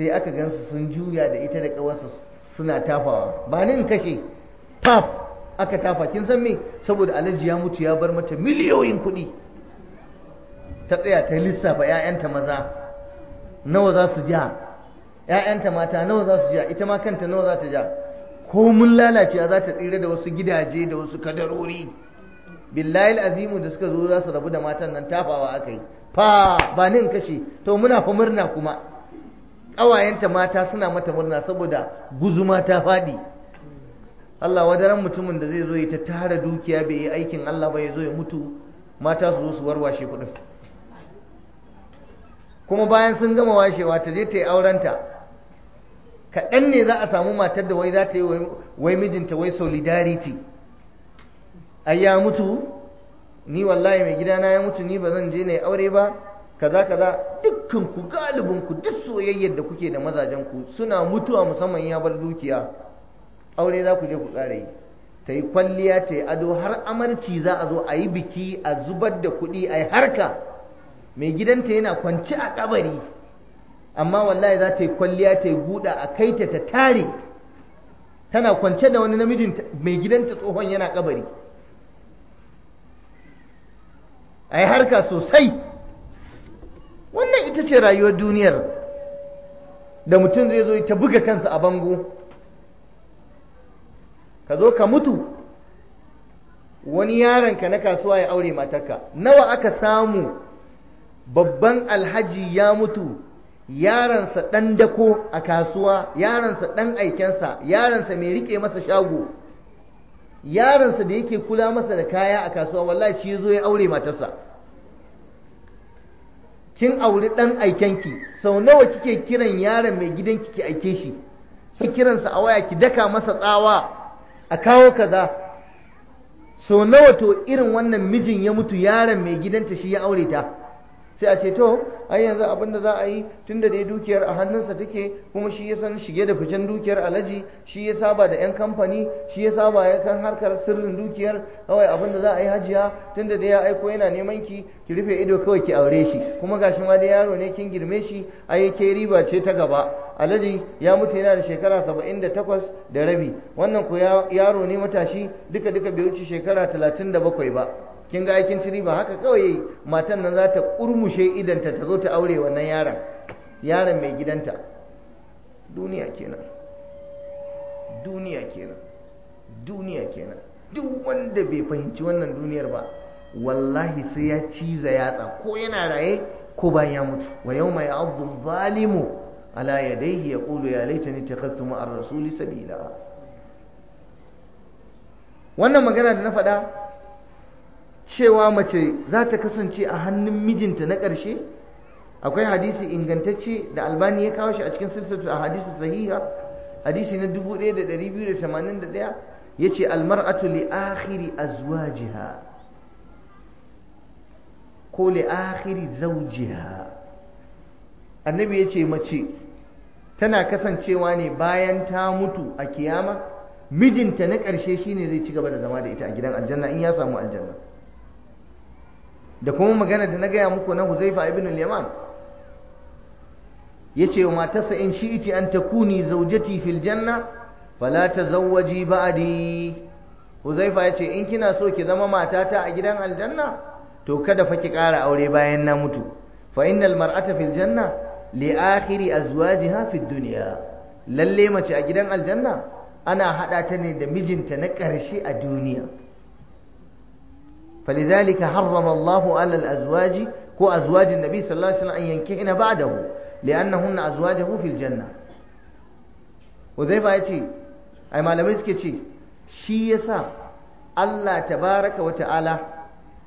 B: sai aka gansu sun juya da ita da kawarsa suna tafawa ba ni in kashe taf aka tafa kin san me saboda alhaji ya mutu ya bar mata miliyoyin kuɗi ta tsaya ta lissafa 'ya'yanta maza nawa za su ja 'ya'yanta mata nawa za su ja ita ma kanta nawa za ta ja ko mun lalacewa za ta tsira da wasu gidaje da wasu kadarori billahi azimu da suka zo za su rabu da matan nan tafawa aka yi fa ba ni in kashe to muna fa murna kuma ƙawayenta mata suna mata murna saboda guzuma ta faɗi Allah wadaran mutumin da zai zo ya ta tara dukiya bai yi aikin Allah ba ya zo ya mutu mata su zo su warwashe kuɗin kuma bayan sun gama washewa ta je ta yi aurenta kaɗan ne za a samu matar da wai za ta yi wai mijinta wai solidarity ai ya mutu ni wallahi mai gidana ya mutu ni ba zan je na aure ba kaza kaza dukkan ku galibin ku duk soyayyar da kuke da mazajen ku suna mutuwa musamman ya bar dukiya aure za ku je ku kare yi ta yi kwalliya ta yi ado har amarci za a zo a yi biki a zubar da kuɗi a yi harka mai gidanta yana kwanci a kabari amma wallahi za ta yi kwalliya ta yi buɗa a kai ta tare tana kwance da wani namijin mai gidanta tsohon yana kabari a yi harka sosai wannan ita ce rayuwar duniyar da mutum zai zo ta buga kansa a bango ka zo ka mutu wani yaronka na kasuwa ya aure matarka nawa aka samu babban alhaji ya mutu yaransa ɗan dako a kasuwa yaransa ɗan aikensa yaransa mai rike masa shago yaransa da yake kula masa da kaya a kasuwa wallahi shi zo ya aure matarsa kin auri ɗan aikenki sau nawa kike kiran yaron mai gidanki ki aike shi sai kiransa a waya ki daka masa tsawa a kawo kaza sau nawa to irin wannan mijin ya mutu yaron mai gidanta shi ya aure ta sai a ceto to ai yanzu abin da za a yi tun da dai dukiyar a hannunsa take kuma shi ya san shige da ficen dukiyar alaji shi ya saba da yan kamfani shi ya saba ya kan harkar sirrin dukiyar kawai abin da za a yi hajiya tun da dai ya aiko yana neman ki ki rufe ido kawai ki aure shi kuma gashi ma dai yaro ne kin girme shi ai ke riba ce ta gaba alaji ya mutu yana da shekara saba'in da takwas da rabi wannan ko yaro ne matashi duka duka bai wuce shekara talatin da bakwai ba kin ga aikin ciri ba haka kawai matan nan za ta kurmushe idanta ta zo ta aure wannan yaron yaron mai gidanta duniya kenan duniya kenan duniya kenan duk wanda bai fahimci wannan duniyar ba wallahi sai ya ciza yatsa ko yana raye ko bayan ya mutu wa yau mai abu zalimu ala ya dai ya kulu ya laita ni takhastu ma'ar rasuli sabila wannan magana da na faɗa cewa mace za ta kasance a hannun mijinta na ƙarshe akwai hadisi ingantacce da albani ya kawo shi a cikin silsilatu a hadisi sahiha hadisi na 1281 ya ce almar'atu li akhiri azwajiha ko li akhiri zawjiha annabi ya ce mace tana kasancewa ne bayan ta mutu a kiyama mijinta na ƙarshe shine zai ci gaba da zama da ita a gidan aljanna in ya samu aljanna da kuma magana da na gaya muku na huzaifa ibn al-yaman yace wa matarsa in shi'iti an takuni zawjati fil janna fala tazawwaji ba'di huzaifa yace in kina so ki zama matata a gidan aljanna to kada fa ki ƙara aure bayan na mutu fa innal mar'ata fil janna li akhiri azwajiha fid dunya lalle mace a gidan aljanna ana hada ta ne da mijinta na ƙarshe a duniya فلذلك حرم الله على الأزواج هو أزواج النبي صلى الله عليه وسلم أن ينكحن بعده لأنهن أزواجه في الجنة وذيفا يتي أي malamai suke ce shi yasa Allah tabaraka wa ta'ala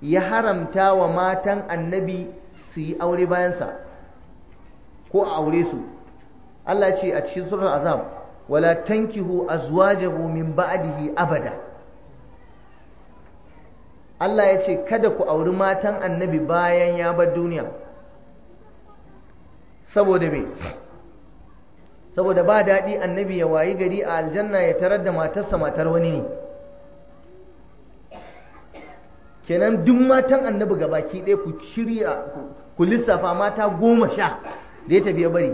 B: ya haramta wa matan annabi su yi aure bayansa ko a aure su Allah ce a cikin surar azab wala tankihu azwajahu min ba'dihi abada Allah ya ce kada ku auri matan annabi bayan ya bar duniya saboda me saboda ba daɗi annabi ya wayi gari a aljanna ya tarar da matarsa matar wani ne kenan duk matan annabi gabaki ɗaya ku shirya ku lissafa mata goma sha da ya tafi ya bari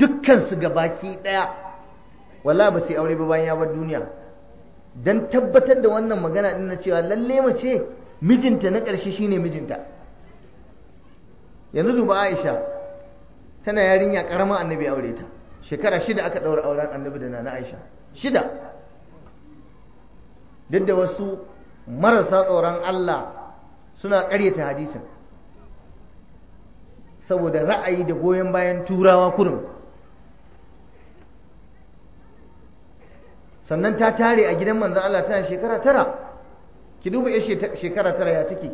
B: dukkansu gabaki ɗaya wala ba sai aure ba bayan ya bar duniya don tabbatar da wannan magana ɗin na cewa lalle mace mijinta na ƙarshe shine mijinta yanzu duba aisha tana yarinya ƙarama annabi aure ta shekara shida aka ɗaura auren annabi da nana aisha shida duk da wasu marasa tsoron allah suna ƙaryata hadisin saboda ra'ayi da goyon bayan turawa kurum sannan ta tare a gidan manzan Allah tana shekara tara ki duba yar shekara tara ya take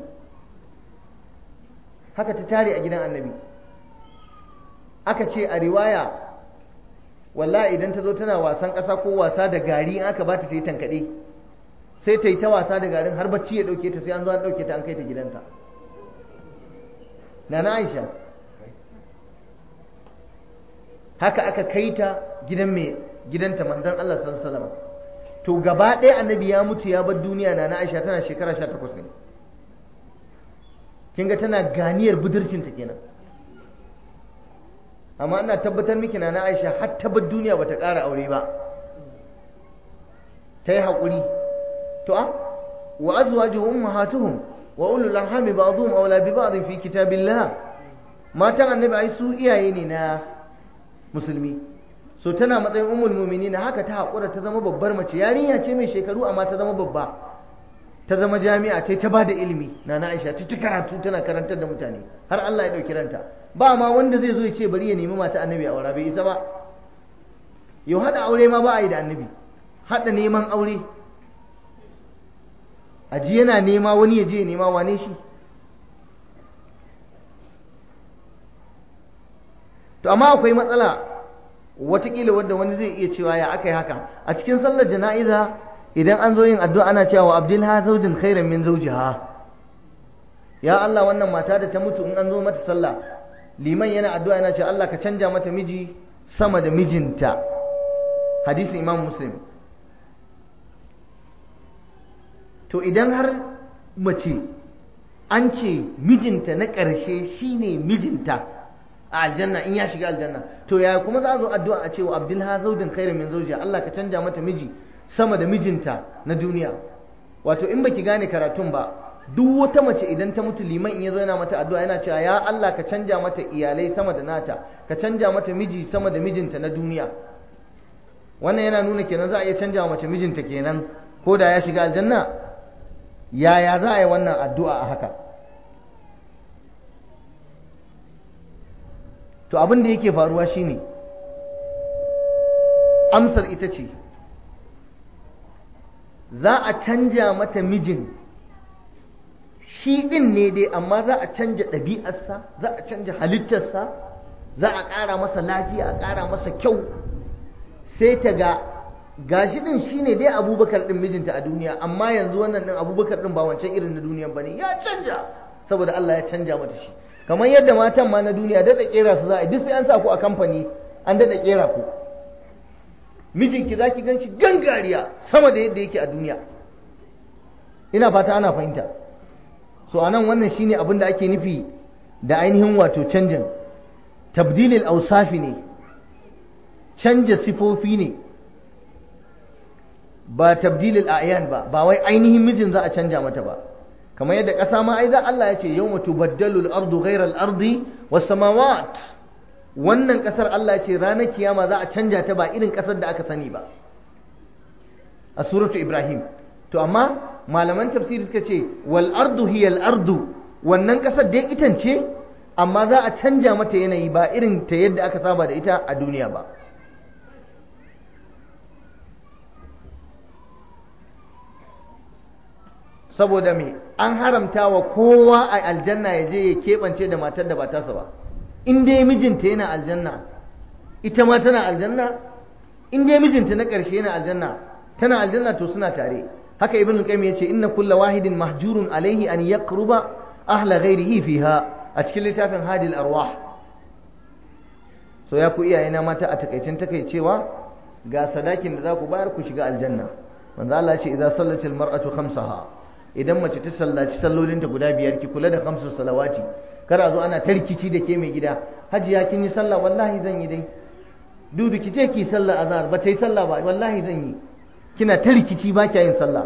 B: haka ta tare a gidan annabi aka ce a riwaya wallahi idan ta zo tana wasan ƙasa ko wasa da gari in aka bata sai tankaɗe sai ta yi ta wasa da garin har bacci ya ɗauke ta sai an zo an ɗauke ta an kai ta gidanta nana aisha haka aka kai ta gidan mai gidanta manzon Allah sallallahu alaihi wasallam to gaba ɗaya annabi ya mutu ya bar duniya na na aisha tana shekara sha takwas ne kin ga tana ganiyar ta kenan amma ina tabbatar miki na na aisha har ta bar duniya bata ƙara aure ba ta yi haƙuri to a ah, wa azwajuhum ummahatuhum wa ulul arhami ba'dhum awla bi ba'd fi kitabillah matan annabi ai su iyaye ne na musulmi so tana matsayin mumini na haka ta haƙura ta zama babbar mace yarinya ce mai shekaru amma ta zama babba ta zama jami'a ta ta bada ilimi nana Aisha ta ta karatu tana karantar da mutane har Allah ya ɗauki ranta ba ma wanda zai zo ya ce bari ya nemi mata annabi a aura bai isa ba yau haɗa aure ma ba a yi da annabi hada neman aure aji yana nema wani ya je nema wane shi to amma akwai matsala Wataƙila wadda wani zai iya cewa ya aka yi haka a cikin sallar jana'iza idan an zo yin addu'a ana cewa wa abdul hazaudin khairan min zaujiha ya Allah wannan mata da ta mutu in an zo mata sallah liman yana addu'a yana cewa Allah ka canja mata miji sama da mijinta hadisin imam muslim to idan har mace an ce mijinta na ƙarshe shine mijinta a aljanna in ya shiga aljanna to yaya kuma za a zo addu'a a cewa abdulha zaudin khairin min zawjiha Allah ka canja mata miji sama da mijinta na duniya wato in baki gane karatun ba duk wata mace idan ta mutu liman in yazo yana mata addu'a yana cewa ya Allah ka canja mata iyalai sama da nata ka canja mata miji sama da mijinta na duniya wannan yana nuna kenan za a iya canja wa mace mijinta kenan ko da ya shiga aljanna yaya za a yi wannan addu'a a haka to abin da yake faruwa shine amsar ita ce za a canja mata mijin shi ɗin ne dai amma za a canja ɗabi'arsa za a canja halittarsa za a ƙara masa lafiya a ƙara masa kyau sai ta ga gashi ɗin shi ne dai abubakar ɗin mijinta a duniya amma yanzu wannan din abubakar ɗin ba wancan irin na duniyan ba ne ya canja saboda Allah ya canja mata shi kamar yadda matan ma na duniya daɗa ƙera su za a duk sai an sa ku a kamfani an daɗa ƙera ku mijinki za ki gan shi gangariya sama da yadda yake a duniya ina fata ana fahimta so anan wannan shine abin da ake nufi da ainihin wato canjin tabdilil ausafi ne canja sifofi ne ba tabdilil ayan ba ba wai ainihin mijin za a canja mata ba kamar yadda ƙasa ma ai da Allah ya ce yau mutu al-ardu ghayra al-ardi was-samawat wannan ƙasar Allah ya ce ranar kiyama za a canja ta ba irin ƙasar da aka sani ba a suratu Ibrahim to amma malaman tafsiri suka ce wal ardu hiya ardu wannan ƙasar dai itan ce amma za a canja mata yanayi ba irin ta yadda aka saba da ita a duniya ba saboda me an haramta wa kowa a aljanna ya je ya keɓance da matar da ba tasa ba in dai mijinta yana aljanna ita ma tana aljanna in dai mijinta na ƙarshe yana aljanna tana aljanna to suna tare haka ibn qayyim yace inna kulla wahidin mahjurun alaihi an yaqruba ahla ghairihi fiha a cikin littafin hadil arwah so ya ku iyayena mata a takaicin takaicewa ga sadakin da za ku bayar ku shiga aljanna manzo Allah ya ce idza sallatil mar'atu khamsaha idan mace ta sallaci sallolinta guda biyar ki kula da kamsu salawati a zo ana rikici da ke mai gida hajiya kin yi sallah wallahi zan yi dai dudu ki ce ki sallah azhar ba ta yi sallah ba wallahi zan yi kina rikici ba kya yin sallah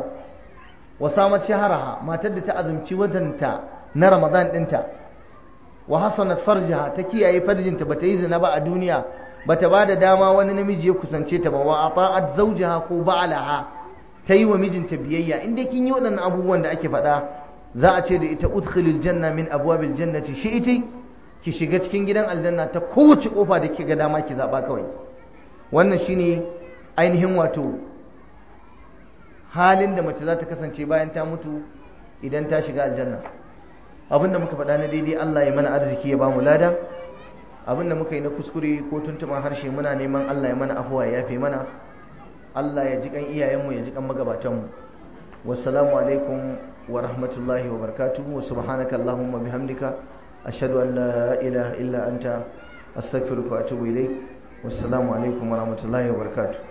B: wa samat shaharaha matar da ta azumci watanta na ramadan dinta wa hasanat farjaha ta kiyaye farjinta ba ta yi zina ba a duniya bata ba da dama wani namiji ya kusance ta ba wa ata'at zawjaha ko ba'alaha ta yi wa mijinta biyayya in dai kin yi waɗannan abubuwan da ake faɗa za a ce da ita udkhilil janna min abwabil jannati ita ki shiga cikin gidan aljanna ta kowace kofa da kika dama ki zaba kawai wannan shine ainihin wato halin da mace za ta kasance bayan ta mutu idan ta shiga aljanna abinda muka faɗa na daidai Allah ya mana arziki ya bamu lada abinda muka yi na kuskure ko tuntuma harshe muna neman Allah ya mana afuwa ya yafe mana Allah ya ji kan iyayenmu ya ji kan magabatanmu wassalamu alaikum wa rahmatullahi wa barakatuhu wa subhanaka allahumma bihamdika ashhadu an la ilaha illa anta astaghfiruka wa atubu ilaik wassalamu alaikum wa rahmatullahi wa barakatuh